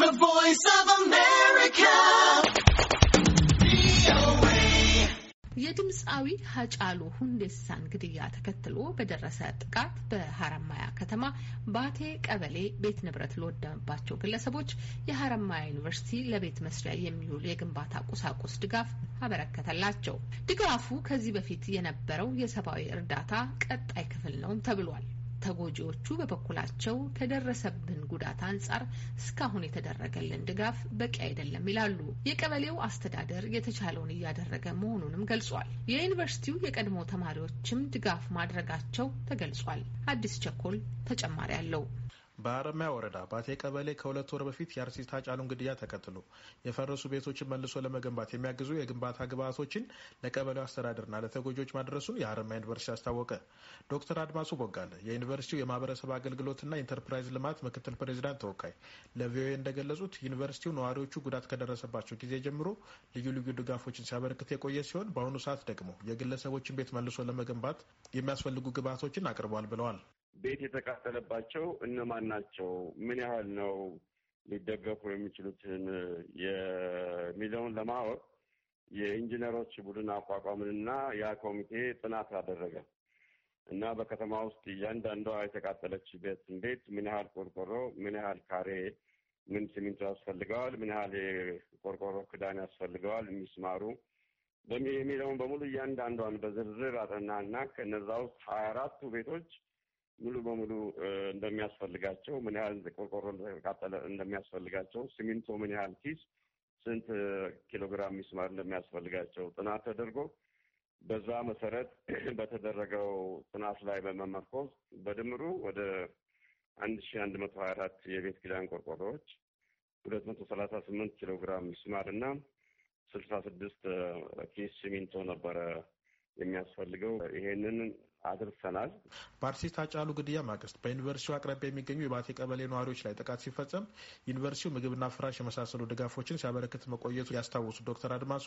The Voice of America. የድምፃዊ ሀጫሉ ሁንዴሳን ግድያ ተከትሎ በደረሰ ጥቃት በሀረማያ ከተማ ባቴ ቀበሌ ቤት ንብረት ለወደመባቸው ግለሰቦች የሀረማያ ዩኒቨርሲቲ ለቤት መስሪያ የሚውል የግንባታ ቁሳቁስ ድጋፍ አበረከተላቸው። ድጋፉ ከዚህ በፊት የነበረው የሰብአዊ እርዳታ ቀጣይ ክፍል ነውም ተብሏል። ተጎጂዎቹ በበኩላቸው ከደረሰብን ጉዳት አንጻር እስካሁን የተደረገልን ድጋፍ በቂ አይደለም ይላሉ። የቀበሌው አስተዳደር የተቻለውን እያደረገ መሆኑንም ገልጿል። የዩኒቨርሲቲው የቀድሞ ተማሪዎችም ድጋፍ ማድረጋቸው ተገልጿል። አዲስ ቸኮል ተጨማሪ አለው። በአረማያ ወረዳ ባቴ ቀበሌ ከሁለት ወር በፊት የአርቲስት ሃጫሉን ግድያ ተከትሎ የፈረሱ ቤቶችን መልሶ ለመገንባት የሚያግዙ የግንባታ ግብዓቶችን ለቀበሌው አስተዳደርና ለተጎጆች ማድረሱን የአረማያ ዩኒቨርሲቲ አስታወቀ። ዶክተር አድማሱ ቦጋለ የዩኒቨርሲቲው የማህበረሰብ አገልግሎትና ኢንተርፕራይዝ ልማት ምክትል ፕሬዚዳንት ተወካይ ለቪኦኤ እንደገለጹት ዩኒቨርሲቲው ነዋሪዎቹ ጉዳት ከደረሰባቸው ጊዜ ጀምሮ ልዩ ልዩ ድጋፎችን ሲያበረክት የቆየ ሲሆን በአሁኑ ሰዓት ደግሞ የግለሰቦችን ቤት መልሶ ለመገንባት የሚያስፈልጉ ግብዓቶችን አቅርቧል ብለዋል። ቤት የተቃጠለባቸው እነማን ናቸው? ምን ያህል ነው ሊደገፉ የሚችሉትን የሚለውን ለማወቅ የኢንጂነሮች ቡድን አቋቋምንና ያ ኮሚቴ ጥናት አደረገ እና በከተማ ውስጥ እያንዳንዷ የተቃጠለች ቤት እንዴት፣ ምን ያህል ቆርቆሮ፣ ምን ያህል ካሬ፣ ምን ሲሚንቶ ያስፈልገዋል፣ ምን ያህል የቆርቆሮ ክዳን ያስፈልገዋል፣ የሚስማሩ የሚለውን በሙሉ እያንዳንዷን በዝርዝር አጠናና ከነዛ ውስጥ ሀያ አራቱ ቤቶች ሙሉ በሙሉ እንደሚያስፈልጋቸው፣ ምን ያህል ቆርቆሮ እንደተቃጠለ እንደሚያስፈልጋቸው፣ ሲሚንቶ ምን ያህል ኪስ፣ ስንት ኪሎግራም ሚስማር እንደሚያስፈልጋቸው ጥናት ተደርጎ በዛ መሰረት በተደረገው ጥናት ላይ በመመርኮዝ በድምሩ ወደ አንድ ሺ አንድ መቶ ሀያ አራት የቤት ኪዳን ቆርቆሮዎች ሁለት መቶ ሰላሳ ስምንት ኪሎ ግራም ሚስማር እና ስልሳ ስድስት ኪስ ሲሚንቶ ነበረ የሚያስፈልገው። ይሄንን አድርሰናል። በአርቲስት ሃጫሉ ግድያ ማግስት በዩኒቨርሲቲው አቅራቢያ የሚገኙ የባቴ ቀበሌ ነዋሪዎች ላይ ጥቃት ሲፈጸም ዩኒቨርሲቲው ምግብና ፍራሽ የመሳሰሉ ድጋፎችን ሲያበረክት መቆየቱ ያስታወሱት ዶክተር አድማሱ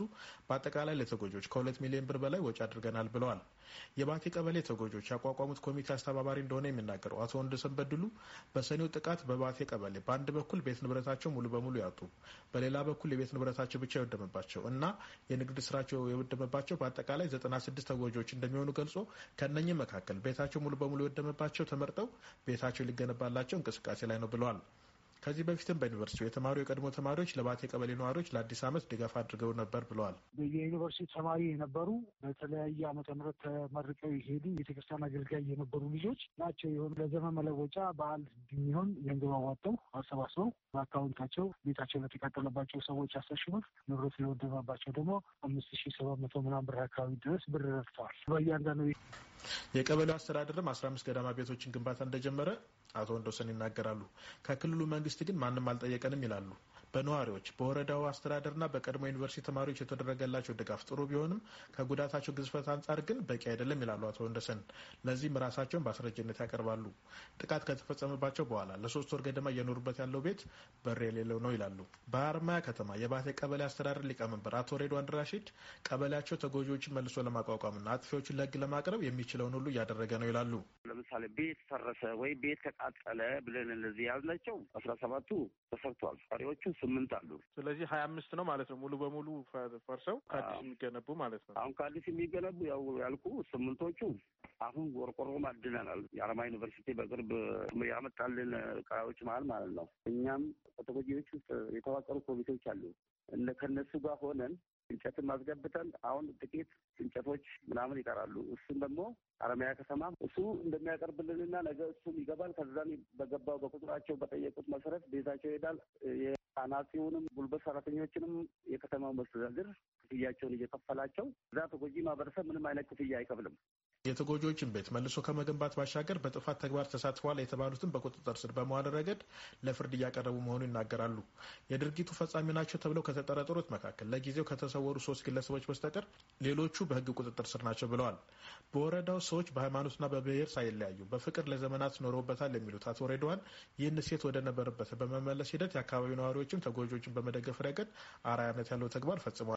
በአጠቃላይ ለተጎጆች ከሁለት ሚሊዮን ብር በላይ ወጪ አድርገናል ብለዋል። የባቴ ቀበሌ ተጎጆች ያቋቋሙት ኮሚቴ አስተባባሪ እንደሆነ የሚናገረው አቶ ወንድሰን በድሉ በሰኔው ጥቃት በባቴ ቀበሌ በአንድ በኩል ቤት ንብረታቸው ሙሉ በሙሉ ያጡ፣ በሌላ በኩል የቤት ንብረታቸው ብቻ የወደመባቸው እና የንግድ ስራቸው የወደመባቸው በአጠቃላይ ዘጠና ስድስት ተጎጆች እንደሚሆኑ ገልጾ ከነ ከ መካከል ቤታቸው ሙሉ በሙሉ የወደመባቸው ተመርጠው ቤታቸው ሊገነባላቸው እንቅስቃሴ ላይ ነው ብለዋል። ከዚህ በፊትም በዩኒቨርሲቲው የተማሩ የቀድሞ ተማሪዎች ለባቴ ቀበሌ ነዋሪዎች ለአዲስ ዓመት ድጋፍ አድርገው ነበር ብለዋል። የዩኒቨርሲቲ ተማሪ የነበሩ በተለያየ ዓመተ ምህረት ተመርቀው የሄዱ ቤተክርስቲያን አገልጋይ የነበሩ ልጆች ናቸው። የሆኑ ለዘመን መለወጫ በዓል የሚሆን ገንዘብ አሰባስበው በአካውንታቸው ቤታቸው ለተቃጠለባቸው ሰዎች አስር ሺህ ብር፣ ንብረት ለወደመባቸው ደግሞ አምስት ሺህ ሰባት መቶ ምናምን ብር አካባቢ ድረስ ብር ረድተዋል። በእያንዳንዱ የቀበሌው አስተዳደርም አስራ አምስት ገዳማ ቤቶችን ግንባታ እንደጀመረ አቶ ወንዶሰን ይናገራሉ። ከክልሉ መንግስት ግን ማንም አልጠየቀንም ይላሉ። በነዋሪዎች በወረዳው አስተዳደርና በቀድሞ ዩኒቨርሲቲ ተማሪዎች የተደረገላቸው ድጋፍ ጥሩ ቢሆንም ከጉዳታቸው ግዝፈት አንጻር ግን በቂ አይደለም ይላሉ አቶ ወንደሰን። ለዚህም ራሳቸውን በአስረጅነት ያቀርባሉ። ጥቃት ከተፈጸመባቸው በኋላ ለሶስት ወር ገደማ እየኖሩበት ያለው ቤት በር የሌለው ነው ይላሉ። በአርማያ ከተማ የባቴ ቀበሌ አስተዳደር ሊቀመንበር አቶ ሬድዋን ራሺድ ቀበሌያቸው ተጎጂዎችን መልሶ ለማቋቋምና አጥፊዎችን ለህግ ለማቅረብ የሚችለውን ሁሉ እያደረገ ነው ይላሉ። ለምሳሌ ቤት ፈረሰ ወይ ቤት ተቃጠለ ብለን እነዚህ ያዝናቸው አስራ ሰባቱ ተሰርቷል። ቀሪዎቹ ስምንት አሉ። ስለዚህ ሀያ አምስት ነው ማለት ነው ሙሉ በሙሉ ፈርሰው ከአዲስ የሚገነቡ ማለት ነው። አሁን ከአዲስ የሚገነቡ ያው ያልኩ ስምንቶቹ አሁን ቆርቆሮ አድነናል። የአረማ ዩኒቨርሲቲ በቅርብ ያመጣልን ቃዎች መሀል ማለት ነው። እኛም ከተጎጂዎች ውስጥ የተዋቀሩ ኮሚቴዎች አሉ እነ ከነሱ ጋር ሆነን ሌሎችም አስገብተን አሁን ጥቂት እንጨቶች ምናምን ይቀራሉ። እሱን ደግሞ አረሚያ ከተማ እሱ እንደሚያቀርብልንና ነገ እሱም ይገባል። ከዛም በገባው በቁጥራቸው በጠየቁት መሰረት ቤታቸው ይሄዳል። የአናጺውንም ጉልበት ሰራተኞችንም የከተማው መስተዳድር ክፍያቸውን እየከፈላቸው እዛ ተጎጂ ማህበረሰብ ምንም አይነት ክፍያ አይከፍልም። የተጎጂዎችን ቤት መልሶ ከመገንባት ባሻገር በጥፋት ተግባር ተሳትፈዋል የተባሉትን በቁጥጥር ስር በመዋል ረገድ ለፍርድ እያቀረቡ መሆኑን ይናገራሉ። የድርጊቱ ፈጻሚ ናቸው ተብለው ከተጠረጠሩት መካከል ለጊዜው ከተሰወሩ ሶስት ግለሰቦች በስተቀር ሌሎቹ በሕግ ቁጥጥር ስር ናቸው ብለዋል። በወረዳው ሰዎች በሃይማኖትና በብሔር ሳይለያዩ በፍቅር ለዘመናት ኖረውበታል የሚሉት አቶ ሬድዋን ይህን ሴት ወደ ነበረበት በመመለስ ሂደት የአካባቢው ነዋሪዎችም ተጎጂዎችን በመደገፍ ረገድ አርአያነት ያለው ተግባር ፈጽመዋል